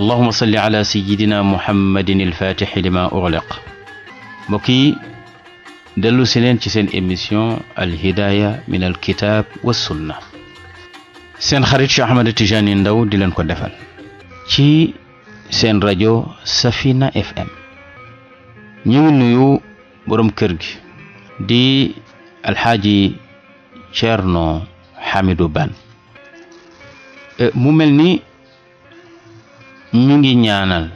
allahuma salli ala sayidina muhammadin alfatixi lima uxliq mbokk yi dellu si leen ci seen émission alhidaaya min alkitab wa sunna seen xarit Cheikh Ahmed Tijani Ndaw di leen ko defal ci seen rajo Safina FM ñu ngi nuyu borom kër gi di alxaaji Cerno Xamidu Ban eh, mu mel ni ñu ngi ñaanal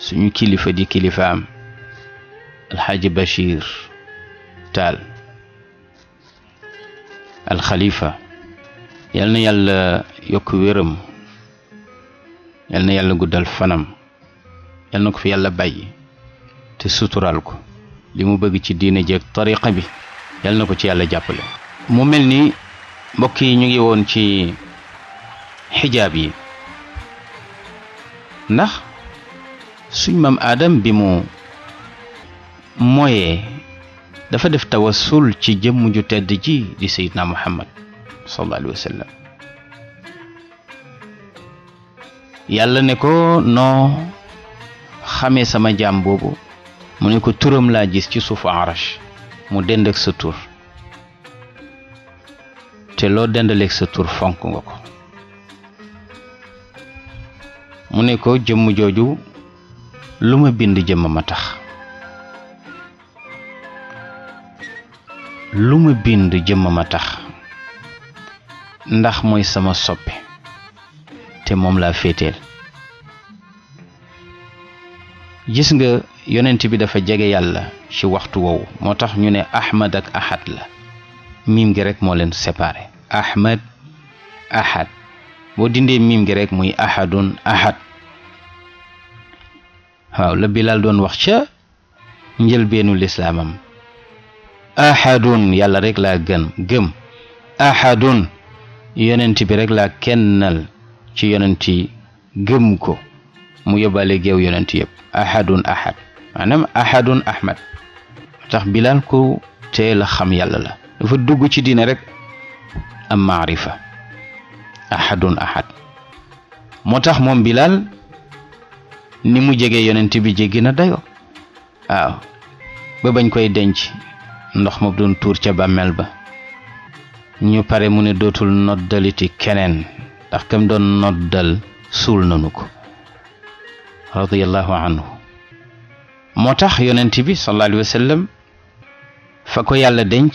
suñu kilifa di kilifaam alxaaji Bachir Taal alxalifa yal na yàlla yokk wéram yal na yàlla guddal fanam yal na ko fi yàlla bàyyi te suturaal ko li mu bëgg ci diine jeeg tariqa bi yal na ko ci yàlla jàppale mu mel ni mbokk yi ñu ngi woon ci xijaab yi ndax suñ maam aadam bi mu mooyee dafa def tawassul ci jëmm ju tedd ji di sayidna muhammad sallallahu alayhi wa yàlla ne ko noo xamee sama jaam boobu mu ne ko turam laa gis ci suufu arash mu dend sa tur te loo dendaleek sa tur fonk nga ko mu ne ko jëmm jooju lu ma bind jëmm a tax lu ma bind jëmm ma tax ndax mooy sama soppe te moom laa féeteel gis nga yonent bi dafa jege yàlla ci waxtu woowu moo tax ñu ne ahmad ak ahad la miim gi rek moo leen séparé ahmad ahad boo dindee miim gi rek muy ahadun ahad waaw la bilal doon wax ca njëlbeenu lislaamam ahadun yàlla rek laa gën gëm ahadun yonent bi rek laa kennal ci yonent gëm ko mu yóbbaale géew yonent yëpp ahadun ahad maanaam ahadun ahmad tax bilal ku teel a xam yàlla la dafa dugg ci diine rek am maarifa ahadun ahad moo tax moom bilal ni mu jegee yonent bi jéggi na dayoo waaw ba bañ koy denc ndox ma doon tuur ca bàmmeel ba ñu pare mu ne dootul noddaliti keneen ndax kam doon noddal suul nanu ko radiyallahu anhu moo tax yonent bi sallallahu alayhi fa ko yàlla denc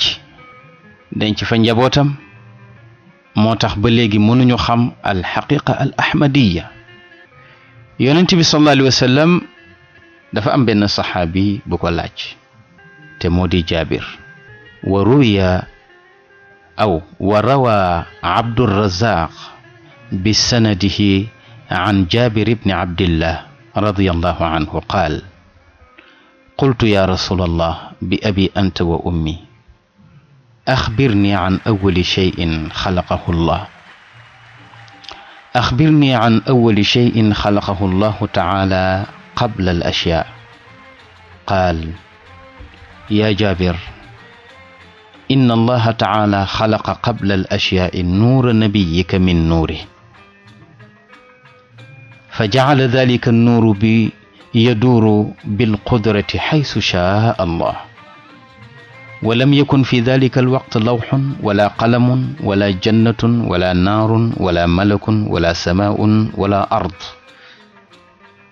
denc fa njabootam moo tax ba léegi mënuñu xam al xaqiqa يونتي بي صلى الله عليه وسلم دفا ام بين الصحابي بوكلاج تمودي جابر وروي او وروى عبد الرزاق بسنده عن جابر بن عبد الله رضي الله عنه قال قلت يا رسول الله بأبي أنت وأمي أخبرني عن أول شيء خلقه الله أخبرني عن أول شيء خلقه الله تعالى قبل الأشياء قال يا جابر إن الله تعالى خلق قبل الأشياء نور نبيك من نوره فجعل ذلك النور بي يدور بالقدرة حيث شاء الله ولم يكن في ذلك الوقت لوح ولا قلم ولا جنة ولا نار ولا ملك ولا سماء ولا أرض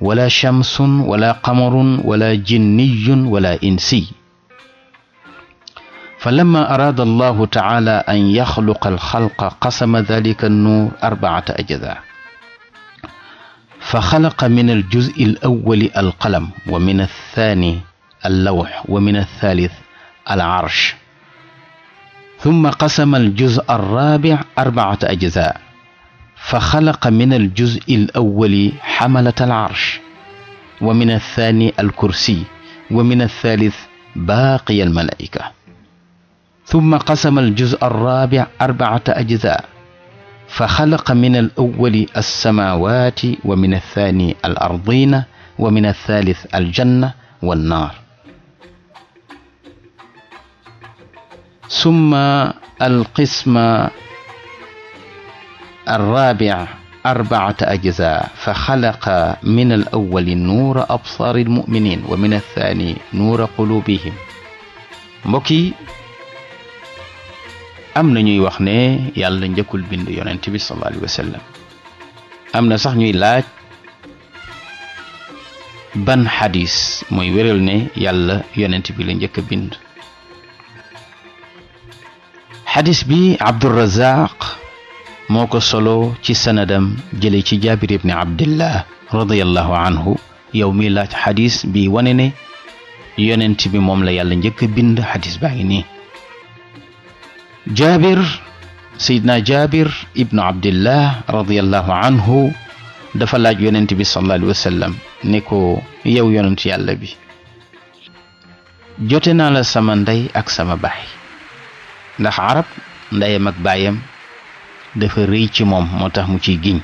ولا شمس ولا قمر ولا جني ولا إنسي فلما أراد الله تعالى أن يخلق الخلق قسم ذلك النور أربعة أجزاء فخلق من الجزء الأول القلم ومن الثاني اللوح ومن الثالث العرش ثم قسم الجزء الرابع أربعة أجزاء فخلق من الجزء الأول حملة العرش ومن الثاني الكرسي ومن الثالث باقي الملائكة ثم قسم الجزء الرابع أربعة أجزاء فخلق من الأول السماوات ومن الثاني الأرضين ومن الثالث الجنة والنار ثم القسم الرابع أربعة أجزاء فخلق من الأول نور أبصار المؤمنين ومن الثاني نور قلوبهم مكي أم نيوي وخني يالا نجاكل بند يونتبي صلى الله عليه وسلم أم نصح نيوي لاج بن حديث مي ويرلني يالا يونتبي لنجاك بند xadis bi abdurazaq moo ko solo ci sanadam jële ci jaabir ibni abdillah radiallahu anhu yow mi laaj xadis bi wane ne yonent bi moom la yàlla njëkk a bind xadis baa ngi nii jaabir sayidna jaabir ibnu abdillah anhu dafa laaj yonent bi sallallahu alayhi wa sallam ne ko yow yonent yàlla bi jote naa la sama ndey ak sama baay ndax arab ndeyam ak baayam dafa rëy ci moom moo tax mu ciy giñ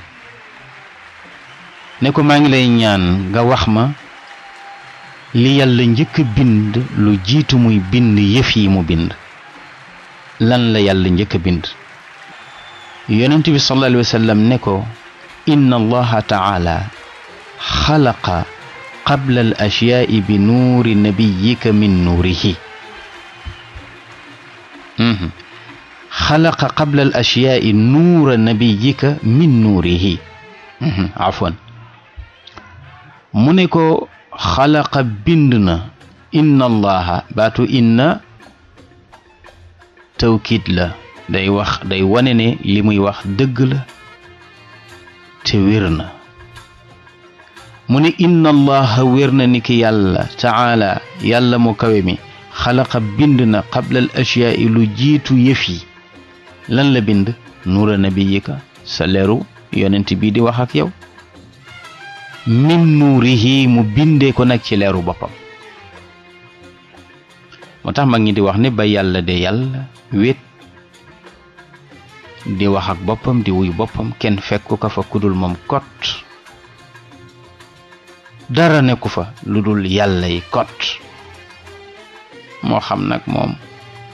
ne ko maa ngi lay ñaan nga wax ma li yàlla njëkk bind lu jiitu muy bind yëf yi mu bind lan la yàlla njëkk bind yonent bi sallallahu alayhi wa sallam ne ko inna allaha taala xalaqa qabla al bi nuuri nabiyika min nuurihi Mhm. xalaqa qabla al ashyaa'i nuura min nuurihi mhm, mu ne ko xalaqa bind na inna allaha baatu inna tawkiit la day wax day wane ne li muy wax dëgg la te wér na mu ne inna allaha wér na ni ki yàlla taala yàlla mu kawe mi xalaqa bind na xablal ashyaa'i lu jiitu yëf yi lan la bind nuura nabiyika sa leeru yonent bii di wax ak yow min nuurihi mu bindee ko nag ci leeru boppam moo tax mag ñi di wax ne ba yàlla de yàlla wéet di wax ak boppam di wuy boppam kenn fekku ko fa kudul moom kot dara nekku fa lu dul yàlla yi kot moo xam nag moom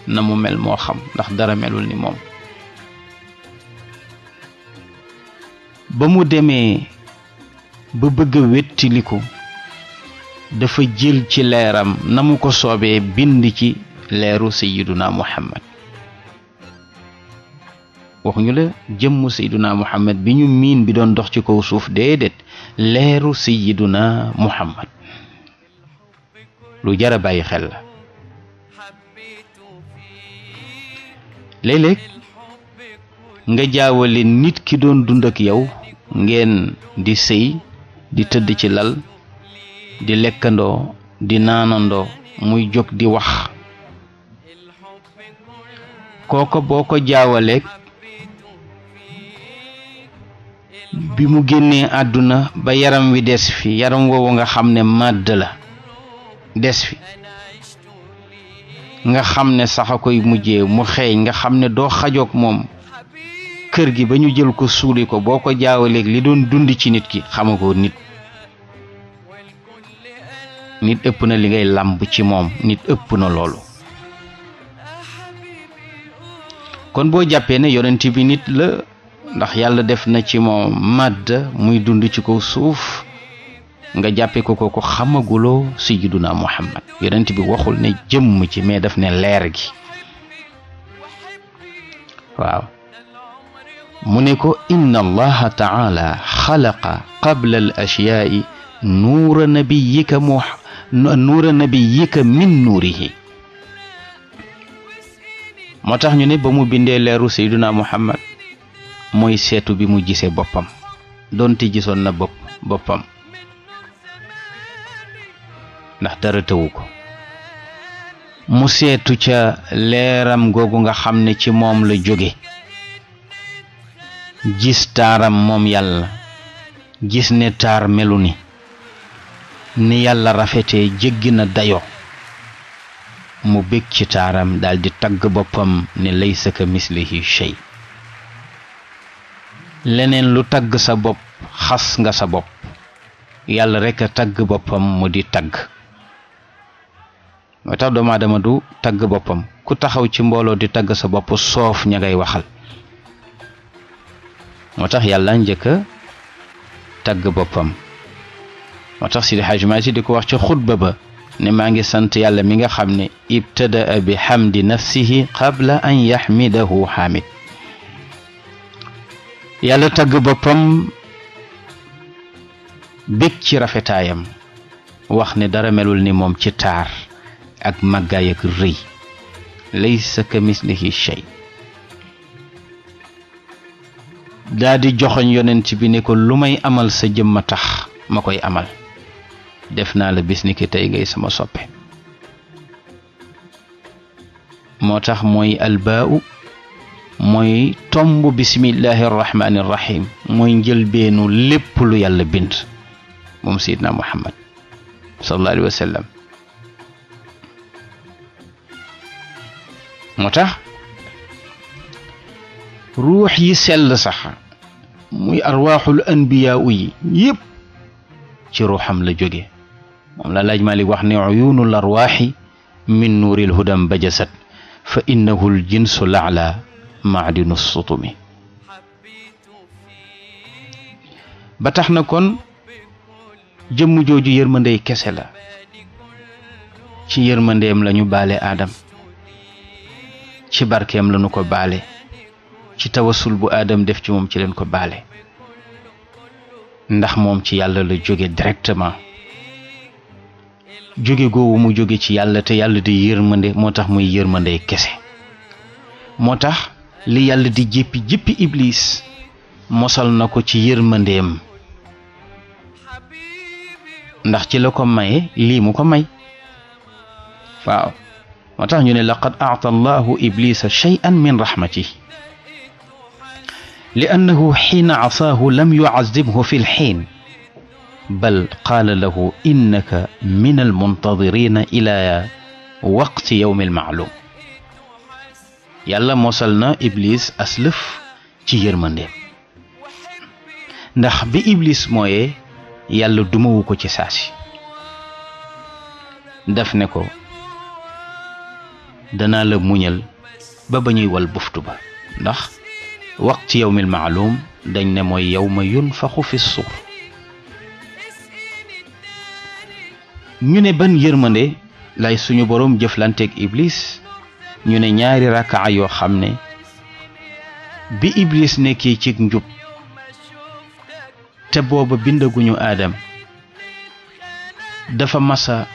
na mu mel moo xam ndax dara melul ni moom ba mu demee ba bëgg a wettiliku dafa jël ci leeram na mu ko soobee bind ci leeru sayyiduna muhammad waxuñu la jëmm sayyiduna muhammad bi ñu miin bi doon dox ci kaw suuf déedéet leeru sayyiduna muhammad lu jara bàyyi xel la léeg nga jaawale nit ki doon dund ak yow ngeen di séy di tëdd ci lal di lekkandoo di naanandoo muy jóg di wax kooko boo ko jaawaleeg bi mu génnee àdduna ba yaram wi des fi yaram woowu nga xam ne màdd la des fi nga xam ne sax a koy mujjee mu xeeñ nga xam ne doo xajoog moom kër gi ba ñu jël ko suuli ko boo ko jaawaleeg li doon dund ci nit ki xama ko nit nit ëpp na li ngay làmb ci moom nit ëpp na loolu kon boo jàppee ne yonent bi nit la ndax yàlla def na ci moom màdd muy dund ci kaw suuf nga jàppe ko ko ko xamaguloo sayyiduna muhammad yonent bi waxul ne jëmm ci mais daf ne leer gi waaw mu ne ko inna allaha taala xalaqa qabla al ashyaai nuura nabiyika mu nuura min nuurihi moo tax ñu ne ba mu bindee leeru sayyiduna muhammad mooy seetu bi mu gisee boppam doonte gisoon na bopp boppam ndax dara tëwu ko mu seetu ca leeram googu nga xam ne ci moom la jóge gis taaram moom yàlla gis ne taar melu ni ni yàlla rafete jéggi na dayo mu bég ci taaram daldi tagg boppam ne laysa ka mislihi shay leneen lu tagg sa bopp xas nga sa bopp yàlla rekk a tagg boppam mu di tagg moo tax doomu aadama du tagg boppam ku taxaw ci mbooloo di tagg sa bopp soof ña ngay waxal moo tax yàlla njëkk a tagg boppam moo tax si di si di ko wax ci xutba ba ne maa ngi sant yàlla mi nga xam ne ibtadaa bi xam xamdi nafsihi qabla an yaxmidahu xaamid yàlla tagg boppam bég ci rafetaayam wax ne dara melul ni moom ci taar ak màggaay ak rëy laysa ka mislihi shay daa joxoñ yonent bi ne ko lu may amal sa jëmma tax ma koy amal def naa la bis tey ngay sama soppe moo tax mooy albaau mooy tomb bismillahi arrahmani arrahim mooy njëlbeenu lépp lu yàlla bind moom sayidna muhammad sallallahu alayhi wa moo tax ruux yi sell sax muy arwaaxul anbiyaa yi yëpp ci ruuxam la jóge moom la laaj Malik wax ne uyuunul arwaaxi min nuuril hudam bajasat fa innahu l jinsu laala maadinu sutumi ba tax na kon jëmm jooju yërmandey kese la ci yërmandeem la ñu baale aadam ci barkeem lanu ko baale ci tawasul bu aadam def ci moom ci leen ko baale ndax moom ci yàlla la jóge directement jóge googu mu jóge ci yàlla te yàlla di yërmande moo tax muy yërmande kese moo tax li yàlla di jéppi jéppi ibliis mosal na ko ci yërmandeem ndax ci la ko maye lii mu ko may waaw motax ñu ne laqad a'ta allahu iblisa shay'an لأنه حين عصاه لم يعذبه في الحين بل قال له إنك من المنتظرين إلى وقت يوم المعلوم يلا موصلنا إبليس أسلف تيير من دي نخبي إبليس موية يلا دموكو تساسي دفنكو danaa la muñal ba ba ñuy wal buftu ba ndax wax ci yawmil maalum dañ ne mooy yow ma yunfaxu fi suur ñu ne ban yërmande lay suñu boroom jëflanteeg iblis ñu ne ñaari rakaa yoo xam ne bi iblis nekkee cig njub te booba bindaguñu aadam dafa masa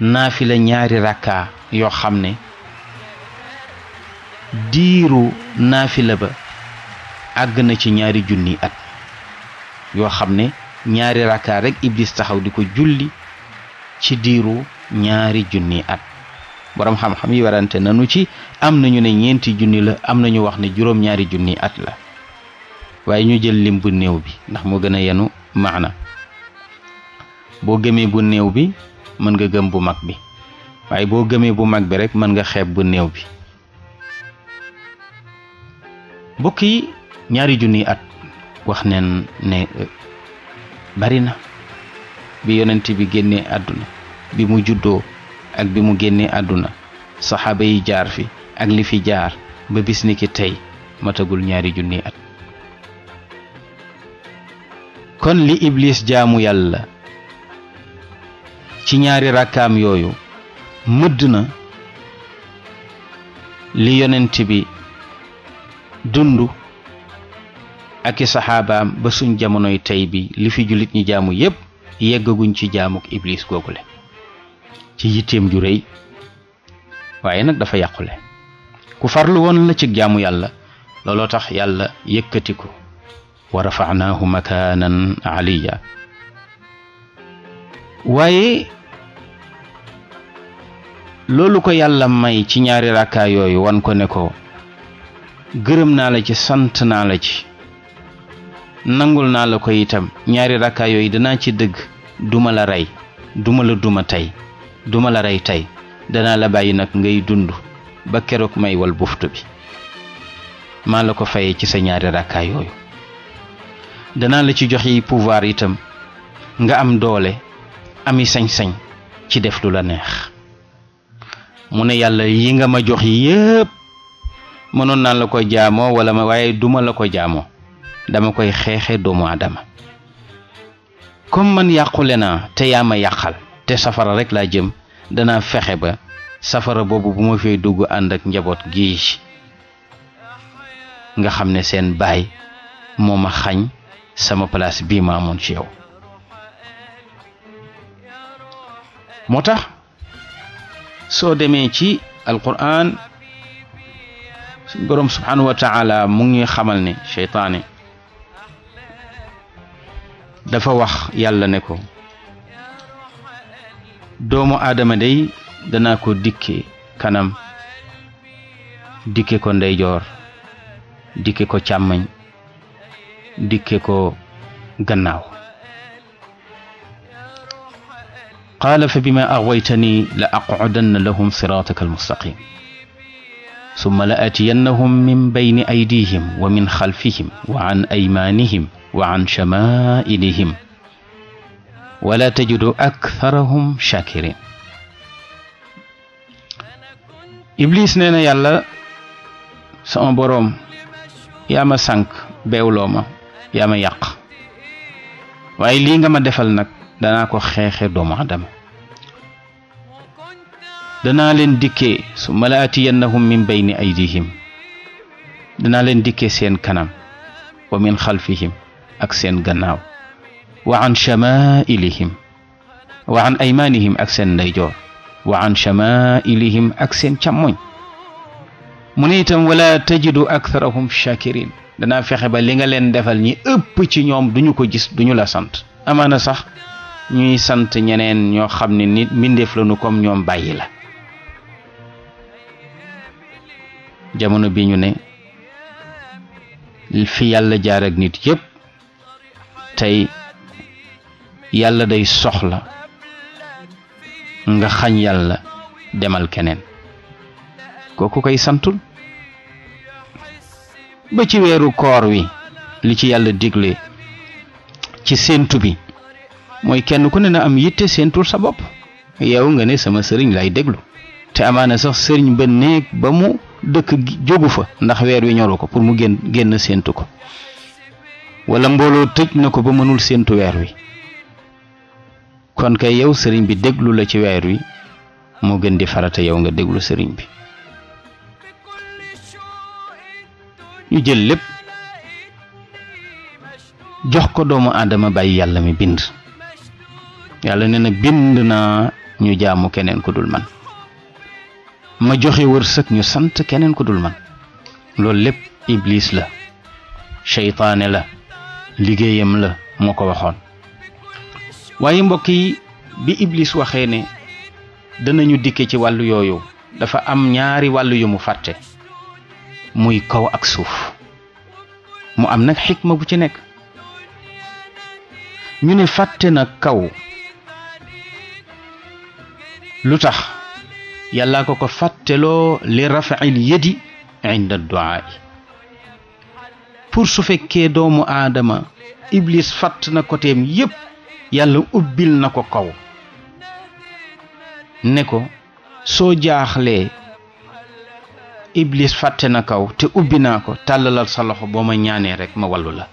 naafila ñaari rakaa yoo xam ne diiru naafila ba àgg na ci ñaari junni at yoo xam ne ñaari rakkaa rekk iblis taxaw di ko julli ci diiru ñaari junni at boroom xam-xam yi warante nanu ci am nañu ne ñeenti junni la am nañu wax ne juróom ñaari junni at la waaye ñu jël lim bu néew bi ndax moo gën a yenu maana boo gëmee bu néew bi mën nga gëm bu mag bi waaye boo gëmee bu mag bi rekk mën nga xeeb bu néew bi mbokk yi ñaari junniy at wax neen ne euh, bari na bi yonent bi génnee àdduna bi mu juddoo ak bi mu génnee àdduna saxaaba yi jaar fi ak li fi jaar ba bis tey matagul ñaari junni at kon li iblis jaamu yàlla ci ñaari rakkaam yooyu mëdd na li yonent bi dund ak i saxaabaam ba suñ jamonoy tey bi li fi jullit ñi jaamu yépp yeggaguñ ci jaamuk iblis googule ci yitteem ju réy waaye nag dafa yàqule ku farlu woon la ci jaamu yàlla looloo tax yàlla yëkkati ko wa rafanaahu makaanan aliya waaye loolu ko yàlla may ci ñaari rakkaa yooyu wan ko ne ko gërëm naa la ci sant naa la ci nangul naa la ko itam ñaari rakkaa yooyu danaa ci dëgg duma la rey duma la duma tey duma la rey tey danaa la bàyyi nag ngay dund ba keroog may wal buftu bi maa la ko fayee ci sa ñaari rakkaa yooyu danaa la ci jox yi pouvoir itam nga am doole ami sañ-sañ ci def lu la neex mu ne yàlla yi nga ma jox yépp mënoon naan la ko jaamoo wala ma waaye duma la ko jaamoo dama koy xeexe doomu aadama comme man yàqule naa te yaa ma yàqal te safara rekk laa jëm danaa fexe ba safara boobu bu ma fay dugg ànd ak njaboot gii nga xam ne seen baay moo ma xañ sama palaas bii ma amoon ci moo tax soo demee ci alquran suñ boroom subhanahu wa taala mu ngi xamal ni seytaane dafa wax yàlla ne ko doomu aadama day danaa ko dikke kanam dikke ko ndeyjoor dikke ko càmmañ dikke ko gannaaw qaala fa bima aghwaytani la aqudanna lahum sirataka almustaqim summa la aatiyannahum min bayni aydihim wa min xalfihim wa an aymaanihim wa an chamaa'ilihim wala tajidu aktharahum shakirin iblis nee na yàlla sama boroom yaa ma sànq beewloo ma yaa ma yàq waaye lii nga ma defal nag danaa ko xeexe doomu adama danaa leen dikke su mala atiyannahum min bayni aydihim danaa leen dikkee seen kanam wa min xalfihim ak seen gannaaw wa an chamailihim wa an aymaanihim ak seen ndeyjoor wa an chamailihim ak seen càmmoñ mu ne itam wala tajidu aktharahum shakirin danaa fexe ba li nga leen defal ñi ëpp ci ñoom duñu ko gis duñu la sant amaana sax ñuy sant ñeneen ñoo xam ne nit mbindeef lañu comme ñoom bàyyi la jamono bi ñu ne fi yàlla jaar ak nit yépp tey yàlla day soxla nga xañ yàlla demal keneen kooku koy santul ba ci weeru koor wi li ci yàlla digle ci séentu bi mooy kenn ku ne na am yitte séentul sa bopp yow nga ne sama sëriñ lay déglu te amaana sax sëriñ ba néeg ba mu dëkk jógu fa ndax weer wi ñoru ko pour mu génn génn séentu ko wala mbooloo tëj na ko ba mënul séentu weer wi kon kay yow sëriñ bi déglu la ci weer wi moo gën di farata yow nga déglu sëriñ bi ñu jël lépp jox ko doomu aadama bàyyi yàlla mi bind yàlla ne na bind naa ñu jaamu keneen ku dul man ma joxe wërsëg ñu sant keneen ko dul man loolu lépp iblis la seytaane la liggéeyam la moo ko waxoon waaye mbokk yi bi iblis waxee ne danañu dikke ci wàllu yooyu dafa am ñaari wàllu yu mu fàtte muy kaw ak suuf mu am nag xikma bu ci nekk ñu ne fàtte na kaw lu tax yàllaa ko ko fàtteloo li rafail yadi inda duaa pour su fekkee doomu aadama iblis fàtt na koteem yépp yàlla ubbil na ko kaw ne ko soo jaaxlee iblis fàtte na kaw te ubbi naa ko tàllalal sa loxo boo ma ñaanee rek ma wallu la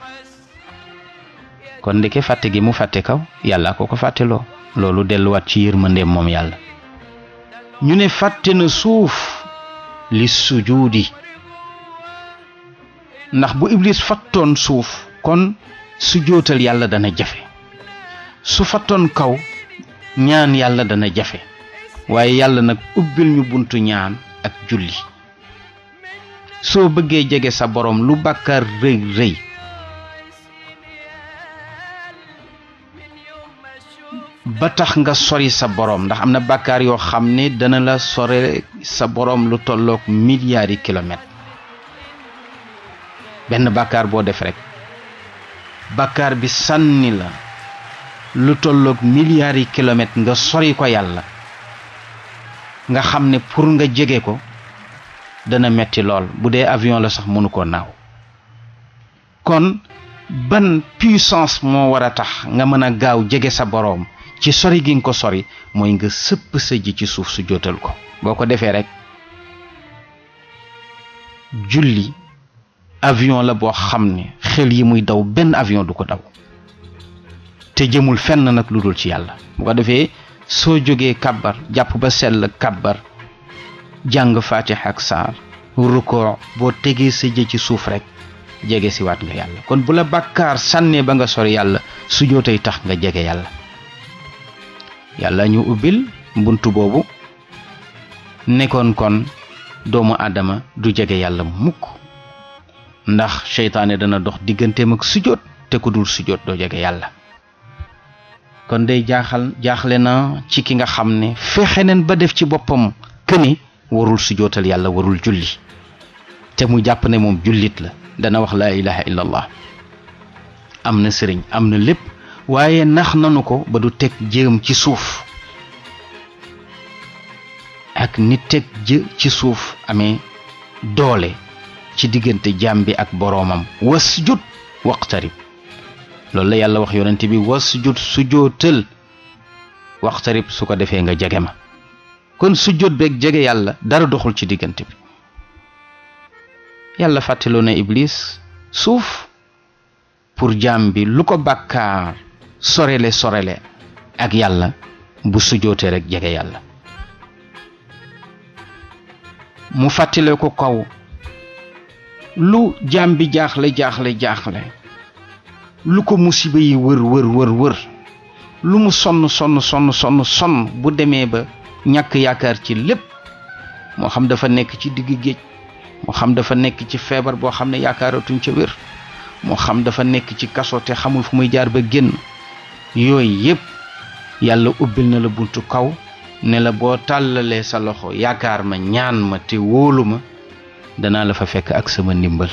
kon ndeke fàtte gi mu fàtte kaw yàlla ko ko fàtteloo loolu delluwaat ci yërmandeem moom yàlla ñu ne fàtte na suuf li sujuudi ndax bu iblis fattoon suuf kon sujootal yàlla dana jafe su fattoon kaw ñaan yàlla dana jafe waaye yàlla nag ubbil ñu buntu ñaan ak julli soo bëggee jege sa borom lu bàkkaar rëy rëy ba tax nga sori sa borom ndax amna bakkar yo xamne dana la sori sa borom lu tollok milliards kilomètres ben bakkar bo def rek bakkar bi sanni la lu tollok milliards kilomètres nga sori ko yalla nga xamne pour nga jege ko dana metti lol budé avion la sax mënu ko naw kon ban puissance mo waratah tax nga mëna gaaw jege sa borom ci sori gi nga ko sori mooy nga sëpp sa ji ci suuf su jootal ko boo ko defee rek julli avion la boo xam ne xel yi muy daw benn avion du ko daw te jëmul fenn nag lu dul ci yàlla bu ko defee soo jógee kàbbar jàpp ba sell kàbbar jàng faatiha ak saar ruko boo tegee sa jë ci suuf rek jege siwaat waat nga yàlla kon bu la bàkkaar sànnee ba nga sori yàlla su jootay tax nga jege yàlla yalla ñu ubbil buntu bobu nekon kon doomu adama du jégué yalla mukk ndax shaytané dana dox digënté mak sujjoot té ku dul sujjoot do jégué yalla kon day jaaxal jaaxlé na ci ki nga xamné fexénen ba def ci bopam warul sujjootal yalla warul julli te mu japp né mom jullit la dana wax la ilaha illallah amna na sëriñ waaye nax nanu ko ba du teg jéem ci suuf ak ni teg jë ci suuf amee doole ci diggante jaam bi ak boroomam was jut waqtarib loolu la yàlla wax yonent bi wasjud sujootal waqtarib su ko defee nga jege ma kon sujjóot beeg jege yàlla dara doxul ci diggante bi yàlla fàttaloo na suuf pour jaam bi lu ko bàkkaar sorele sorele ak yàlla bu sujootee rek jege yàlla mu fàttale ko kaw lu jaam bi jaaxle jaaxle jaaxle lu ko musiba yi wër wër wër lu mu sonn sonn sonn sonn sonn bu demee ba ñàkk yaakaar ci lépp moo xam dafa nekk ci digg géej moo xam dafa nekk ci feebar boo xam ne yaakaaratuñ ca wér moo xam dafa nekk ci kaso te xamul fu muy jaar ba génn yooyu yépp yàlla ubbil na la buntu kaw ne la boo tàllalee sa loxo Yakar ma ñaan ma te wóolu ma danaa la fa fekk ak sama ndimbal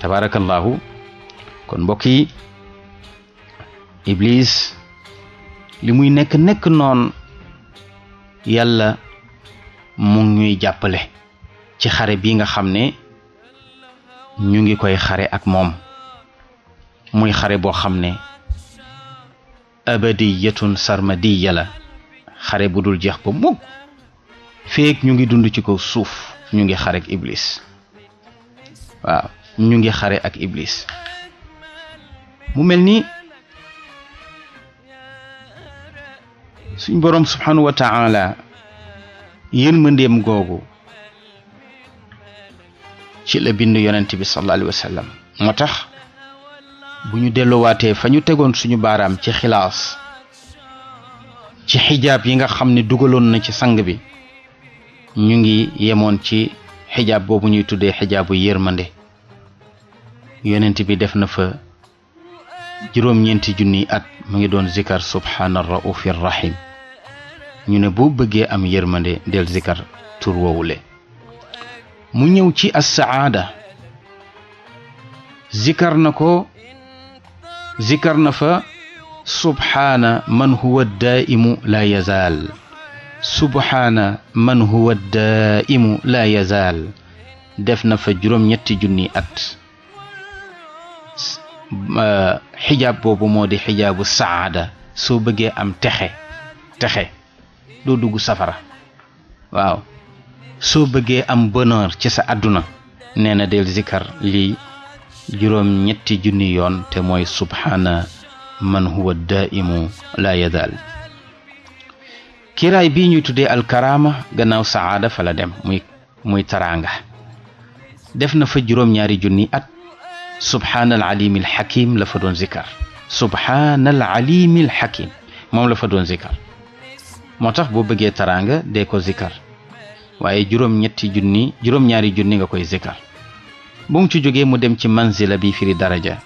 tabarakallahu kon mbokk yi iblis li muy nekk nekk noon yàlla mu ñuy jàppale ci xare bi nga xam ne ñu ngi koy xare ak moom muy xare boo xam ne abadiyatun sarmadiya la xare bu dul jeex ba mukk feek ñu ngi dund ci kaw suuf ñu ngi xare ak iblis waaw ñu ngi xare ak iblis mu mel ni suñ boroom subhanahu wa taala yërmandeem googu ci la bind yonent bi sallallahu alayhi moo tax bu ñu delluwaatee fa ñu tegoon suñu baaraam ci xilaas ci xijaab yi nga xam ne dugaloon na ci sang bi ñu ngi yemoon ci xijaab boobu ñuy tuddee xijaabu yërmande yonent bi def na fa juróom-ñeenti junniy at mu ngi doon sikar subhaana ñu ne boo bëggee am yërmande del zikar tur woowule mu ñëw ci assaada zikar na ko zikar na fa subhaana man huwa daa'imu laa yazaal subhaana man daa'imu laa yazaal def na fa juróom-ñetti junni at xijaab boobu moo di xijaabu saada soo bëggee am texe texe doo dugg safara waaw soo bëggee am bonheur ci sa àdduna nee na del zikar lii juróom ñetti junni yoon te mooy subhaana man huwa daimu laa yadaal kiiraay bii ñuy tuddee alkaraama gannaaw saada fa la dem muy muy taraanga def na fa juróom ñaari junni at subhaana alalimi alxakim la fa doon zikkar subhaana alalimi alxakim moom la fa doon zikkar moo tax boo bëggee taraanga dee ko zikkar waaye juróom ñetti junni juróom ñaari junni nga koy zikkar bu mu ci jógee mu dem ci manzila bi firi daraja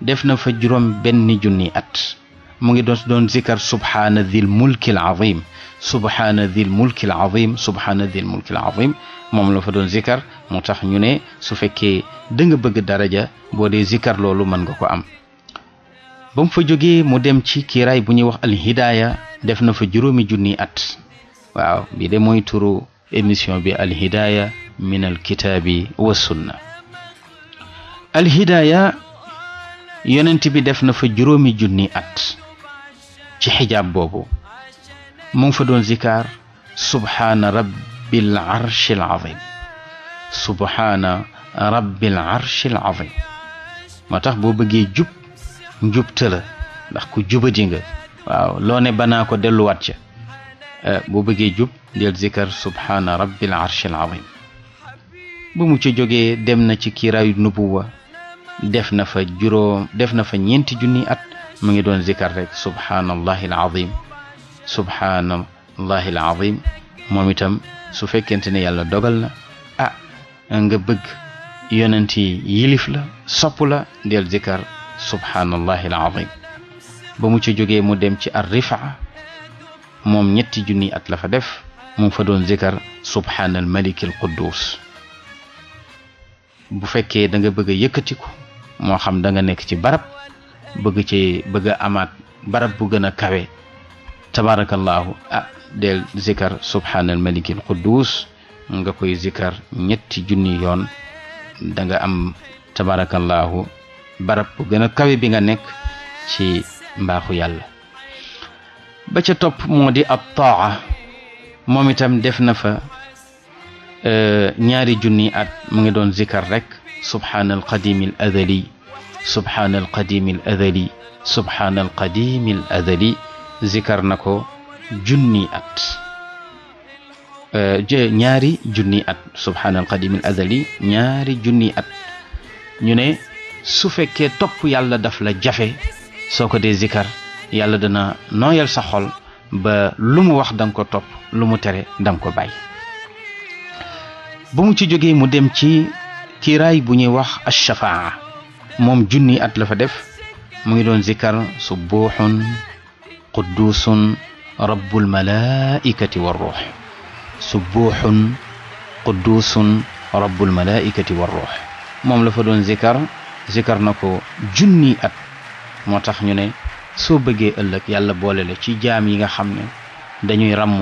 def na fa juróom benn junni at mu ngi doon doon zikar subhaana dil mulkil azim subhaana dil mulkil azim subhaana dil moom la fa doon zikar mu tax ñu ne su fekkee danga nga bëgg daraja boo dee zikar loolu mën nga ko am ba mu fa jógee mu dem ci kiiraay bu ñuy wax alhidaaya def na fa juróomi junni at waaw bi de mooy turu émission bi alhidaaya min alkitaabi wa sunna alhidaaya yonent bi def na fa juróomi junni at ci xijaab boobu mu ngi fa doon zikaar subhaana rabbil arshil azim subhaana rabbil arshil azim moo tax boo bëggee jub njubte la ndax ku jubadi nga waaw loo ne banaa ko delluwaat ca eh, boo bëggee jub del zikar subhaana rabbil arshil azim bu mu ci jógee dem na ci kiiraayu nubuwa def na fa juróom def na fa ñeenti junni at mu ngi doon zikar rek subhaanallahi alazim subhaanallahi alazim moom itam su fekkente ne yàlla dogal na ah nga bëgg yonent yilif la sopp la del zikar subhaanallahi alazim ba mu ci jógee mu dem ci ar rifaa moom ñetti junni at la fa def mu fa doon zikar subhaanal malikil quddus bu fekkee danga nga bëgg a yëkkatiku moo xam danga nekk ci barab bëgg ci bëgg a amaat barab bu gën a kawe tabaarakallaahu ah del zikar subhaanal malikil quddus nga koy zikar ñetti junni yoon danga nga am tabaarakallaahu barab bu gën a kawe bi nga nekk ci mbaaxu yàlla ba ca topp moo di ab moom itam def na fa eh, ñaari junni at mu ngi doon zikar rekk subhaana alqadimi al adali subhaana alqadimi al adali subhaana alqadimi al adali zikar na ko junni at ñaari junni at subhaana alqadimi al adali ñaari junni at ñu ne su fekkee topp yàlla daf la jafe soo ko dee zikar yàlla dana nooyal sa xol ba lu mu wax danga ko topp lu mu tere danga ko bàyyi bu mu ci jógee mu dem ci kiiraay bu ñuy wax ashafaa moom junni at la fa def mu ngi doon zikkar subuuxun qudduusun rabbul malaa'ikati war ruux subuuxun qudduusun rabbul malaa'ikati war ruux moom la fa doon zikkar zikkar na ko junni at moo tax ñu ne soo bëggee ëllëg yàlla boole la ci jaam yi nga xam ne dañuy ràmm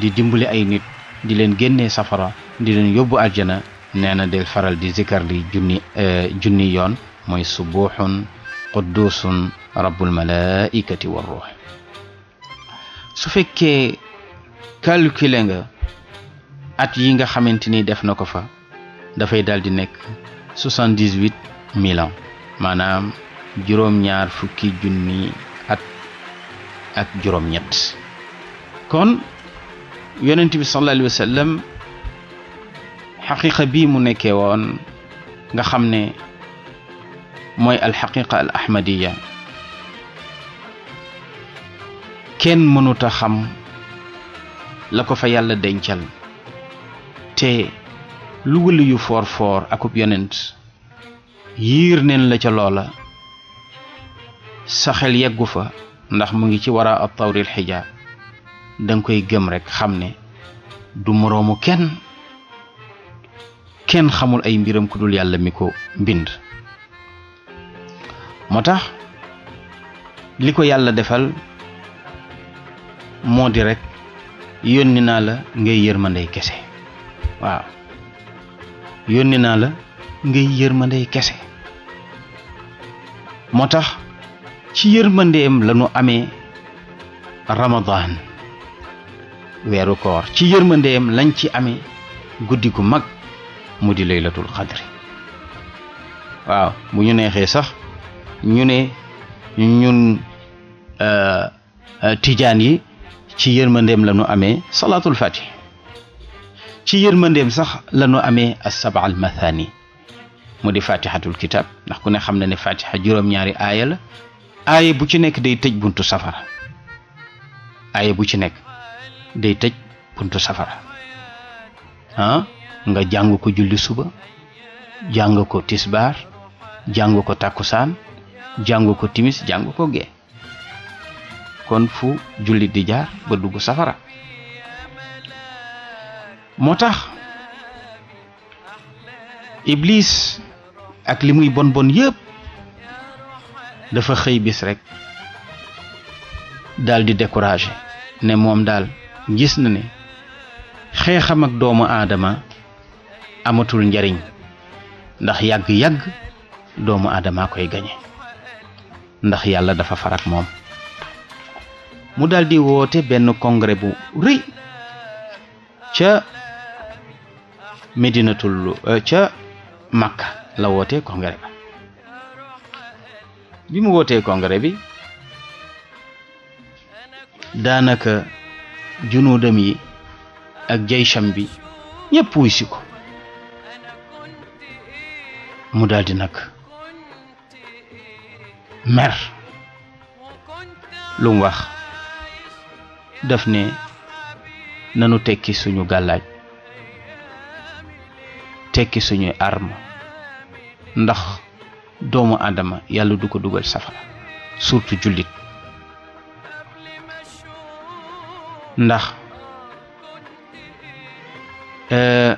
di dimbali ay nit di leen génnee safara di leen yóbbu àjjana nee na del faral di zikar di junni eh, junni yoon mooy subuuxun qudduusun rabbul malaikati wa ruux su fekkee calculer nga at yi nga xamante ni def na ko fa dafay daal di nekk soixante-dix-huit mille ans maanaam juróom-ñaar fukki junni at ak juróom-ñett kon yonent bi sallallahu alayhi xaqiqa bii mu nekkee woon nga xam ne mooy alxaqiqa al kenn mënuta xam la ko fa yàlla dencal te lu wëli yu foor foor akub yonent yiir neen la ca loola sa xel yeggu fa ndax mu ngi ci wara a tawril xijaa danga koy gëm rekk xam ne du moroomu kenn kenn xamul ay mbiram ku dul yàlla mi ko mbind moo tax li ko yàlla defal moo di rekk yónni naa la ngay yërmandey kese waaw yónni naa la ngay yërmandey kese moo tax ci yërmandeem la ñu amee ramadaan weeru koor ci yërmandeem lañ ci amee guddi gu mag mu di laylatul xadri waaw bu ñu neexee sax ñu ne ñun tijaan yi ci yërmandeem la ñu amee salaatul fatih ci yërmandeem sax la ñu amee assaba al mathani mu di fatihatul kitab ndax ku ne xam na ne fatiha juróom-ñaari aaya la aaya bu ci nekk day tëj buntu safara aaya bu ci nekk day tëj buntu safara ah nga janggu ko julli suba jang ko tisbar jang ko takusan jang ko timis jang ko ge kon fu julli di jaar ba duggu safara motax iblis ak limuy bon bon yeb dafa xey bis rek dal di décourager ne mom dal gis na ne xeexam ak doomu adama amatul njariñ ndax yàgg-yàgg doomu aadamaa koy gañe ndax yàlla dafa farak moom mu daldi woote benn congrès bu rëy ca medinatul euh, ca Makka la woote congrès ba bi mu wootee congrès bi daanaka junuudam yi ak jaysham bi ñëpp wuy ko mu daal nag mer lu mu wax def ne nanu tekki suñu gàllaaj tekki suñuy arme ndax doomu aadama yàlla du ko dugal safara surtout jullit ndax euh,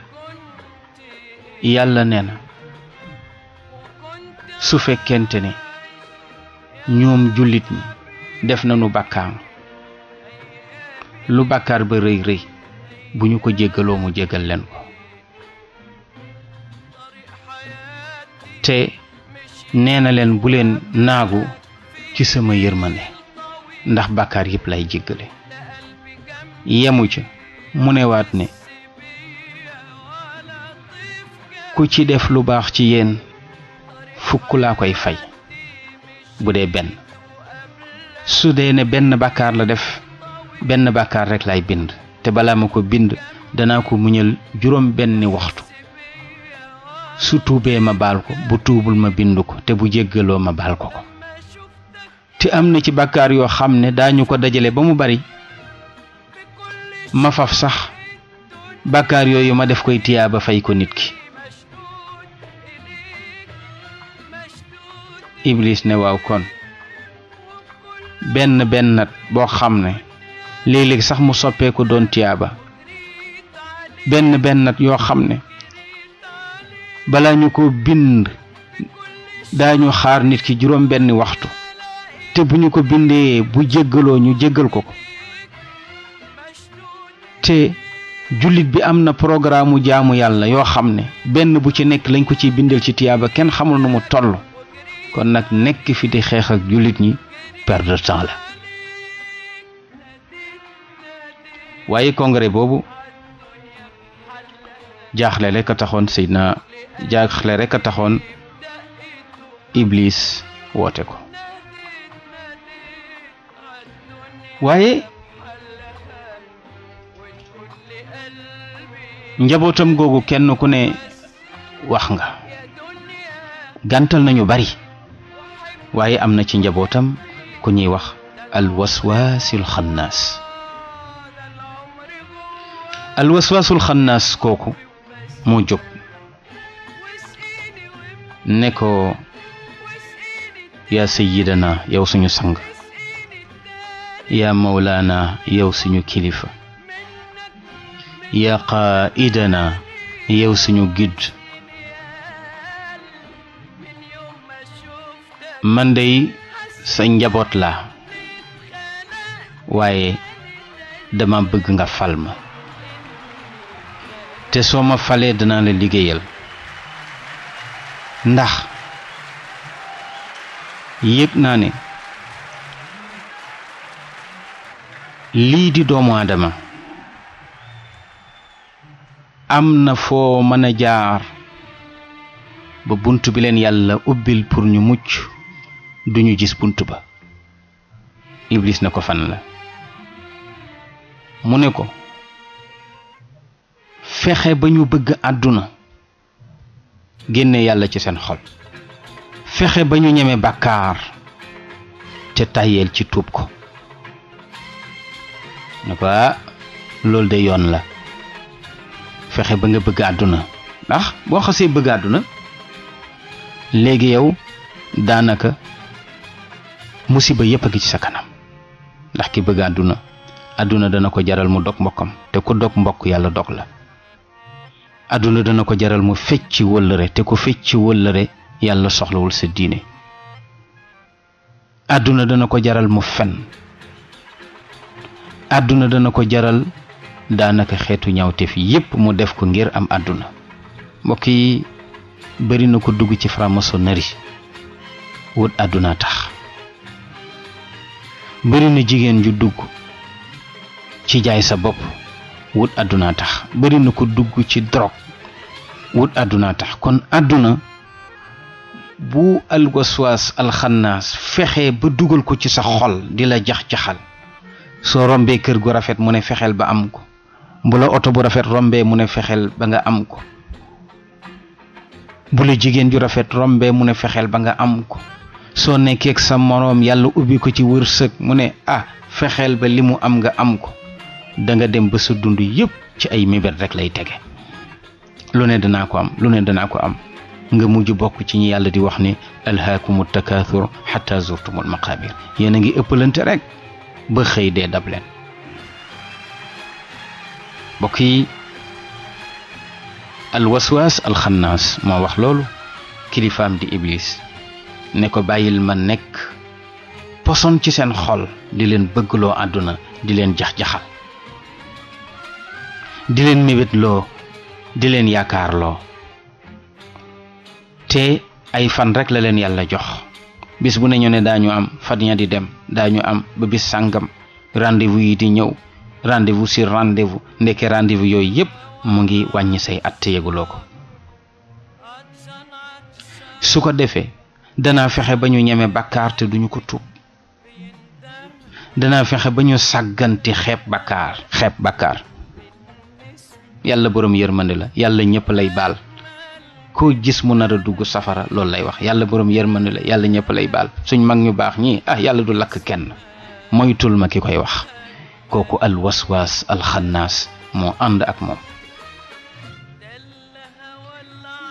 yàlla nee na su fekkente ne ñoom jullit ñi def nañu bàkkaar lu bàkkaar ba rëy rëy bu ñu ko jéggaloo mu jéggal leen ko te nee na leen bu naagu ci sama yërmande ndax bàkkaar yépp lay jéggale yemu ca mu newaat ne ku ci def lu baax ci yenn fukk laa koy fay bu dee benn su dee ne benn bàkkaar la def benn bàkkaar rekk laay bind te balaa ma ko bind danaa ko muñal juróom benni waxtu su tuubee ma baal ko bu tuubul ma bind ko te bu jéggaloo ma baal ko ko te am na ci bàkkaar yoo xam ne daañu ko dajale ba mu bari ma faf sax bàkkaar yooyu ma def koy tiyaa ba fay ko nit ki iblis ne waaw kon benn benn boo xam ne léeg-léeg sax mu soppeeku doon tiyaaba benn benn nat yoo xam ne bala ñu ko bind daañu xaar nit ki juróom benn waxtu te bu ñu ko bindee bu jéggaloo ñu jéggal ko ko te jullit bi am na programme mu jaamu yàlla yoo xam ne benn bu ci nekk lañ ko ciy bindal ci tiyaaba kenn xamul na mu tollu kon nag nekk fi di xeex ak jullit ñi perte temps la waaye congrès boobu jaaxle rekk a taxoon Seydina jaaxle rek a taxoon ibliis woote ko waaye njabootam googu kenn ku ne wax nga gàntal nañu bari waaye am na ci njabootam ku ñuy wax alwaswaasul xannaas alwaswaasul xannaas kooku moo jóg ne ko yaa sayyidana yow suñu sang yaa mawlaana yow suñu kilifa yaa qaidana yow suñu gidd man dey sa njaboot la waaye dama bëgg nga fal ma te soo ma falee danaa la liggéeyal ndax yëg naa ne lii di doomu aadama am na foo mën a jaar ba bunt bi leen yàlla ubbil pour ñu mucc duñu gis bunt ba iblis na ko fan la mu ne ko fexe ba ñu bëgg àdduna génne yàlla ci seen xol fexe ba ñu ñeme bàkkaar te tàyyeel ci tuub ko ne ko ah, loolu de yoon la fexe ba nga bëgg àdduna ndax boo xasee bëgg àdduna léegi yow daanaka musiba yep a ci sa kanam ndax ki bëgg aduna aduna dana ko jaral mu dog mbokam te ku dog mbokk yalla dog la aduna dana ko jaral mu fecc wëllëre te ku fecc wëllëre yalla soxlawul sa diine aduna dana ko jaral mu fen aduna dana ko jaral xetu ñawte fi yep mu def ko ngir am aduna. mbokk yi bari na ko dugg ci franc-maçonnerie wut aduna tax bari na jigen ju dugg ci jaay sa bop wut aduna tax bari na ko dugg ci drogue wut aduna tax kon aduna bu al khannas fexé ba duggal ko ci sa xol di jax ci xal so rombe keur gu rafet mu fexel ba am ko mbula auto bu rafet rombe mu fexel ba nga am ko bu jigen ju rafet rombe fexel ba nga am ko soo nekkeek sa moroom yàlla ubbi ko ci wërsëg mu ne ah fexeel ba li mu am nga am ko danga dem ba sa dund yépp ci ay mébét rek lay tege lu ne danaa ko am lu ne danaa ko am nga mujj bokk ci ñu yàlla di wax ni alhaakumu takaathur xatta zurtumul maqabir yéen a ngi ëppalante rek ba xëy dee dab leen bokk yi alwaswaas alxannaas moo wax loolu kilifaam di iblis ne ko bayil ma nek poson ci sen xol di len beuglo aduna di len jax-jaxal di leen lo di yakar lo te ay fan rek la len yalla jox bis bu ne ñu ne am fan ya di dem dañu am bu bis sangam rendez-vous yi di ñew rendez-vous sur rendez-vous ndeke rendez-vous yoy yep mu ngi wañi say ko su danaa fexe ba ñu ñemee bàkkaar te duñu ko tuub danaa fexe ba ñu sàgganti xeeb bàkkaar xeeb bàkkaar yàlla boroom yërmande la yàlla ñëpp lay baal koo gis mu nar a dugg safara loolu lay wax yàlla boroom yërmande la yàlla ñëpp lay baal suñ mag ñu baax ñii ah yàlla du lakk kenn moytul ma ki koy wax kooku alwaswaas alxannaas moo ànd ak moom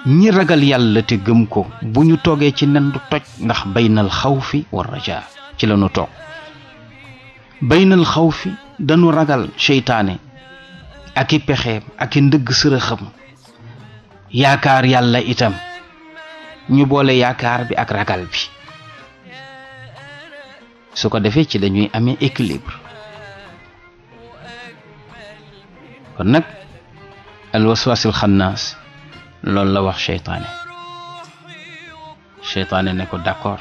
ñi ragal yàlla te gëm ko bu ñu toogee ci nendu toj ndax baynal xawfi war rajaa ci la ñu toog baynal xawfi dañu ragal seytaane ak i pexeem ak i ndëgg sërëxam yaakaar yàlla itam ñu boole yaakaar bi ak ragal bi su ko defee ci lañuy amee équilibre kon nag al waswasil xannaas loolu la wax seytaane seytaane ne ko d'accord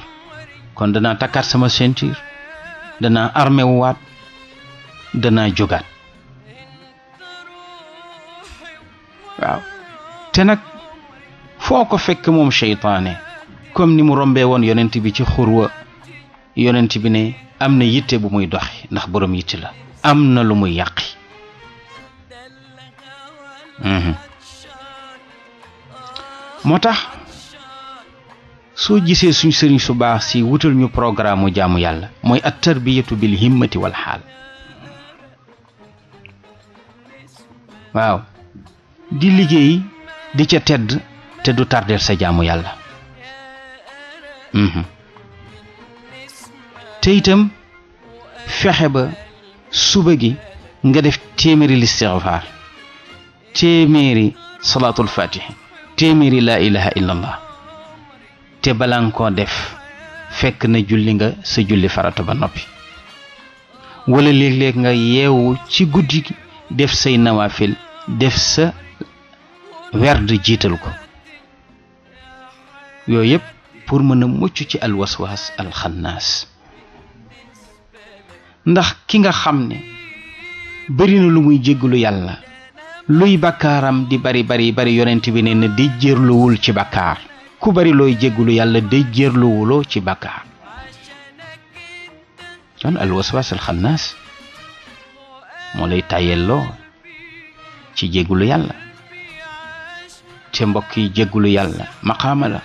kon danaa takkaat sama ceinture danaa armé waat danaa jógaat waaw te nag foo ko fekk moom seytaane comme ni mu rombee woon yonent bi ci xurwa yonent bi ne am na yitte bu muy doxi ndax boroom yitte la am na lu muy yàqi mhm. moo tax soo gisee suñ sëriñ su baax si wutal ñu programme mu jaamu yàlla mooy at tarbiyatu bil himmati wal xaal waaw di liggéey di ca tedd te du tardeel sa jaamu yàlla mhm. te fexe ba suba gi nga def téeméeri listixfaar téeméeri salaatul faatihi téeméeri laa ilaha illallah te balaa koo def fekk na julli nga sa julli farata ba noppi wala léeg-léeg nga yeewu ci guddi def say nawaafil def sa werd jiital ko yooyu yëpp pour mën a mucc ci alwaswaas alxannaas ndax ki nga xam ne bari na lu muy jéggalu yàlla luy bakkaaram di bari bari bari yonent bi nee na déjjërluwul ci bakkaar ku bari looy jéggulu yàlla déjjërluwuloo ci bakkaar kon alwaswaas alxannaas moo lay tàyyelloo ci jéggulu yàlla te mbokk yi jéggulu yàlla maqaama la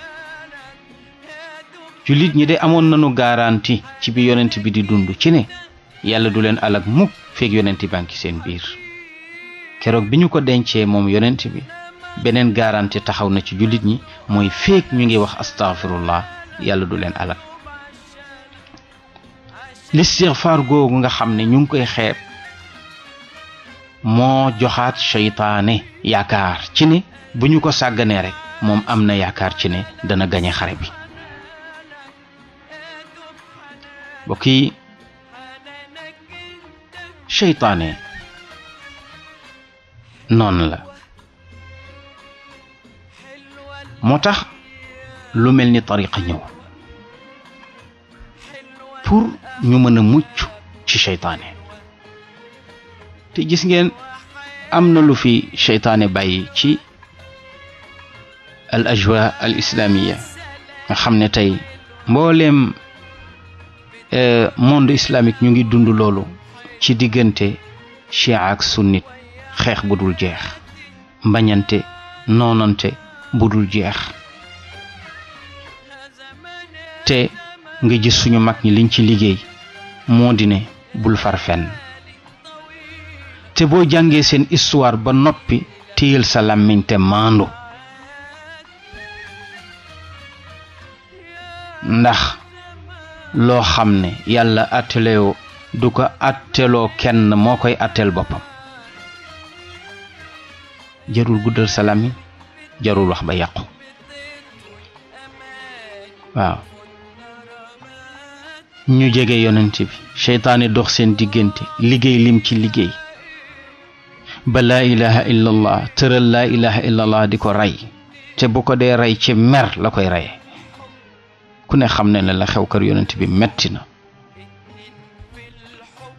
jullit ñi de amoon nañu garanti ci bi yonent bi di dund ci ne yàlla du leen alag mukk feeg yonent baa ngi seen biir keroog bi ñu ko dencee moom yonent bi beneen garanti taxaw na ci jullit ñi mooy feek ñu ngi wax astaghfirullah yàlla du leen alal listigfaar googu nga xam ne ñu ngi koy xeeb moo joxaat seytaane yaakaar ci ne bu ñu ko sàgganee rek moom am na yaakaar ci ne dana gañe xare bi bokki seytaane noonu la moo tax lu mel ni tariqa ñëw pour ñu mën a mucc ci seytaane te gis ngeen am na lu fi seytaane bàyyi ci al ajwa al islamiya nga xam ne tey mbooleem euh, monde islamique ñu ngi dund loolu ci diggante chia ak sunnit xeex bu dul jeex mbañante noonante bu dul jeex te ngi gis suñu mag ñi liñ ci liggéey moo di ne bul far fenn te boo jàngee seen histoire ba noppi téyel sa làmmiñ te maandu ndax loo xam ne yàlla attelewoo du ko atteloo kenn moo koy attel boppam jarul guddal sa jarul wax ba yàqu waaw ñu jege yonent bi seytaane dox seen diggante liggéey lim ci liggéey ba laa ilaha illa allah tëral laa ilaha illa allah di ko rey te bu ko dee rey ci mer la koy reye ku ne xam ne ne la xew kër yonent bi metti na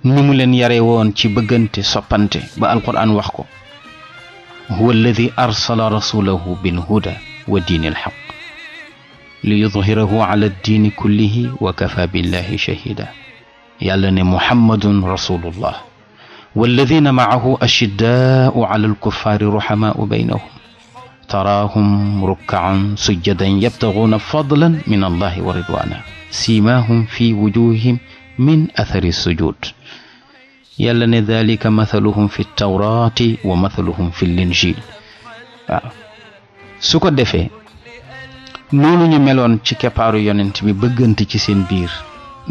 ni mu leen yare woon ci bëggante soppante ba alquran wax ko هو الذي أرسل رسوله بالهدى ودين الحق ليظهره على الدين كله وكفى بالله شهيدا يعلن محمد رسول الله والذين معه أشداء على الكفار رحماء بينهم تراهم ركعا سجدا يبتغون فضلا من الله ورضوانه سيماهم في وجوههم من أثر السجود yàlla ne dalika mathaluhum fi tawraati wa mathaluhum fi linjil su ko defee noonu ñu meloon ci keppaaru yonent bi bëggante ci seen biir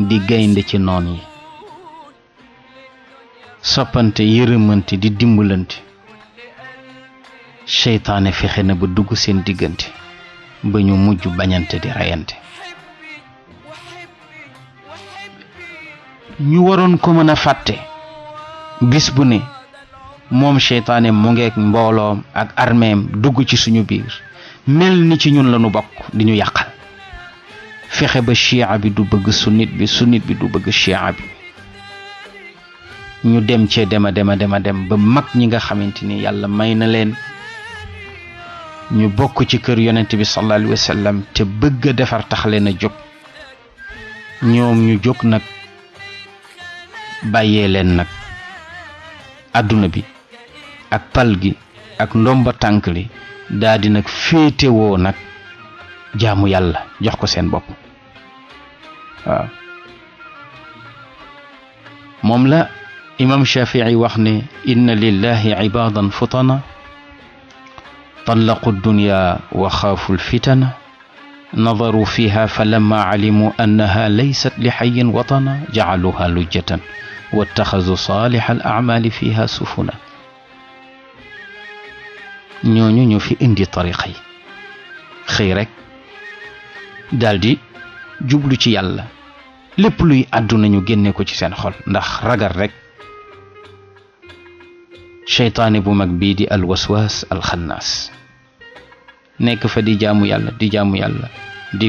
di gaynde ci noon yi soppante yërëmante di dimbalante seytaane fexe na ba dugg seen diggante ba ñu mujj bañante di reyante ñu waroon ko mën a fàtte gis bu ne moom seytaane mu ngeek mbooloom ak armeem dugg ci suñu biir mel ni ci ñun lañu bokk di ñu yàqal fexe ba chia bi du bëgg sunnit bi sunnit bi du bëgg chia bi ñu dem cee dema dema dema dem ba mag ñi nga xamante ni yàlla may na leen ñu bokk ci kër yonent bi sallallahu te bëgg a defar tax leen a jóg ñoom ñu jóg nag bàyyee leen nag àdduna bi ak pal gi ak ndomba tànk li daa di nag féetewoo nag jaamu yàlla jox ko seen bopp waaw moom la imam shafii wax ne inna lillahi ibadan futana طلقوا الدنيا وخافوا الفتن نظروا فيها فلما علموا أنها ليست لحي وطنا جعلوها لجة wattaxasu saaliha al aamali fiha sufuna ñooñu ñu fi indi tariqa yi xëy rekk daldi jublu ci yàlla lépp luy àddunañu ñu génne ko ci seen xol ndax ragal rekk seytaane bu mag bii di alwaswaas alxannaas nekk fa di jaamu yàlla di jaamu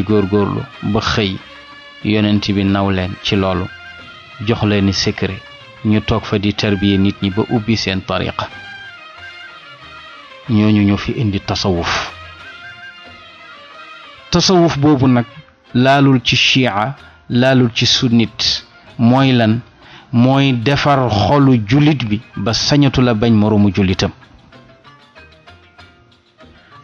góorgóorlu ba xëy yonent bi naw leen ci loolu jox leen i secret ñu toog fa di tarbiye nit ñi ba ubbi seen tariqa ñooñu ñu fi indi tasawuf tasawuf boobu nag laalul ci chia laalul ci sunnit mooy lan mooy defar xolu jullit bi ba sañatu la bañ moroomu jullitam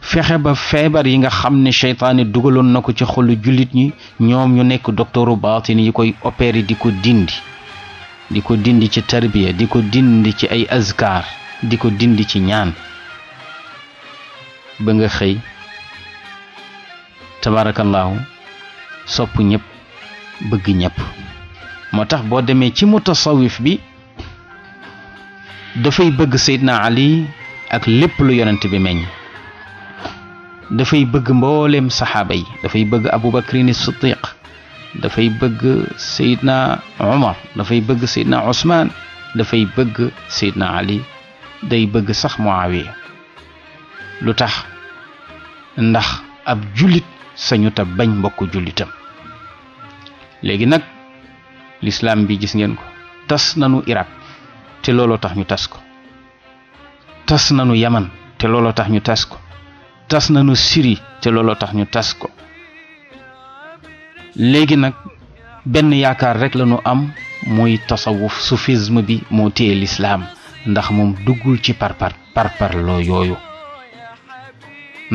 fexe ba feebar yi nga xam ne seytaane dugaloon na ko ci xolu jullit ñi ñoom ñu nekk docteuru baatin yi koy opéré di ko dindi di ko dindi ci tarbiya di ko dindi ci ay azkar di ko dindi ci ñaan ba nga xëy tabaarakallaahu sopp ñëpp bëgg ñépp moo tax boo demee ci mutasawif bi dafay bëgg Seydina Ali ak lépp lu yonent bi meññ dafay bëgg mboolem saxaaba yi dafay bëgg aboubacrin siddiq dafay bëgg sayidna omar dafay bëgg sayidna osmaan dafay bëgg na ali day bëgg sax muawiya lu tax ndax ab jullit sañu ta bañ mbokk jullitam léegi nag lislaam bi gis ngeen ko tas nanu iraq te looloo tax ñu tas ko tas nanu yaman te looloo tax ñu tas ko tas nañu siri te looloo tax ñu tas ko léegi nag benn yaakaar rekk la ñu am muy tasawuf soufisme bi moo téye lislaam ndax moom duggul ci parpar parparloo yooyu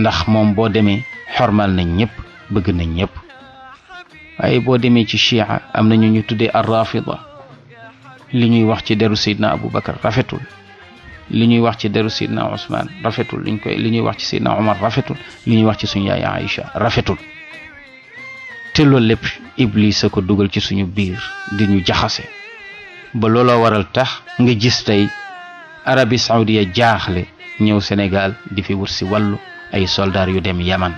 ndax moom boo demee xormal nañ ñëpp bëgg nañ ñëpp waaye boo demee ci chia am na ñu ñu tuddee ar li ñuy wax ci deru seydna abou bakar rafetul li ñuy wax ci deru Sidna Ousmane rafetul liñ koy li ñuy wax ci Sidna Omar rafetul li ñuy wax ci suñu yaay Aïcha rafetul te loolu lépp Iblis a ko dugal ci suñu biir di ñu jaxase ba looloo waral tax nga gis tey Arabie Saoudia jaaxle ñëw senegal di fi wut si wàllu ay soldaar yu dem Yaman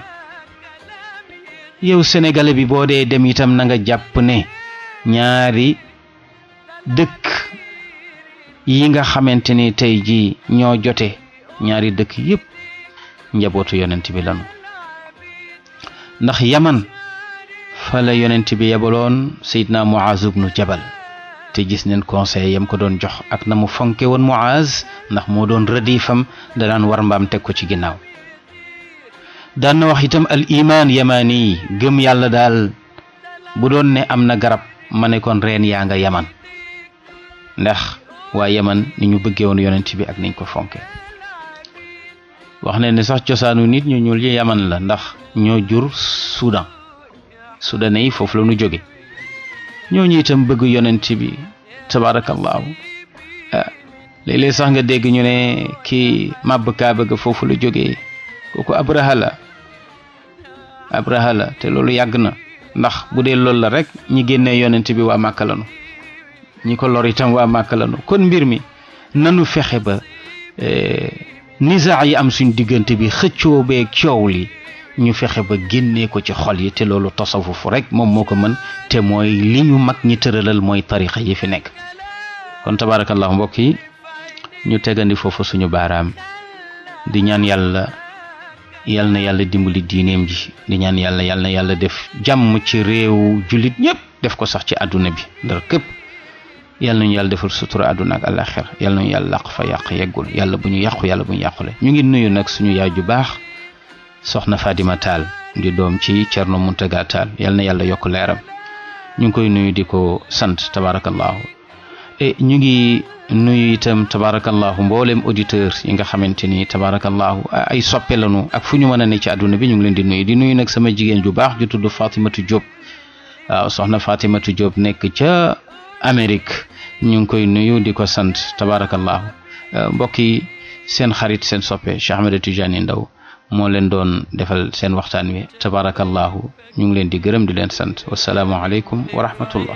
yow sénégalais bi boo dee dem itam na jàpp ne ñaari dëkk yi nga xamante ni tey jii ñoo jote ñaari dëkk yépp njabootu yonent bi lanu ndax yaman fa la yonent bi yabaloon yebaloon Seydina Muaz nu Jabal te gis neen conseil yam ko doon jox ak na mu fonke woon Muaz ndax moo doon rëdiifam danaan war mbaam teg ko ci ginnaaw daan na wax al iman yamani gëm yàlla daal bu doon ne am na garab ma ne kon reen yaa nga yaman ndax waa yaman ni ñu bëggee woon yonent bi ak niñ ko fonke wax ne ne sax cosaanu nit ñu ñuul yi yaman la ndax ñoo jur soudan soudanais yi foofu la ñu jóge ñooñu itam bëgg yonent bi tabaarakallaahu léeg sax nga dégg ñu ne kii màbb kaaba ga foofu la jóge kooku abraha la abraha la te loolu yàgg na ndax bu dee loolu la rek ñi génnee yonent bi waa màkka ñi ko lor itam waa màkk lanu kon mbir mi nanu fexe ba e, nisaa yi am suñu diggante bi xëccoo bee coow li ñu fexe ba génnee ko ci xol yi te loolu tasawuf rek moom moo ko mën te mooy li ñu mag ñi tëralal mooy tarixa yi fi nekk kon tabaarakallahu mbokk yi ñu tegandi foofu suñu baaraam di ñaan yàlla yal na yàlla dimbali diineem ji di ñaan yàlla yal yàlla def jàmm ci réew jullit ñëpp def ko sax ci àdduna bi ndar képp yàlla nañu yàlla defal sutura àdduna ak àllaaxira yàlla nañu yàlla làq fa yàq yeggul yàlla bu ñu yàqu yàlla bu ñu yàqule ñu ngi nuyu nag suñu yaay ju baax soxna Fadima Tall di doom ci Thierno Mountaga Tall yàlla na yàlla yokk leeram ñu ngi koy nuyu di ko sant tabaarakallaahu e ñu ngi nuyu itam tabaarakallaahu mbooleem auditeur yi nga xamante ni tabaarakallaahu ay soppe ak fu ñu mën a ne ci àdduna bi ñu ngi leen di nuyu di nuyu nag sama jigéen ju baax ju tudd Fatimatu Diop waaw soxna Fatimatu Diop nekk ca Amérique ñu ngi koy nuyu di ko sant tabaarakallaahu euh, mbokk yi seen xarit seen soppe Cheikh Ahmed Tidiane Ndao moo leen doon defal seen waxtaan wi tabaarakallaahu ñu ngi leen di gërëm di leen sant wasalaamualeykum wa rahmatullah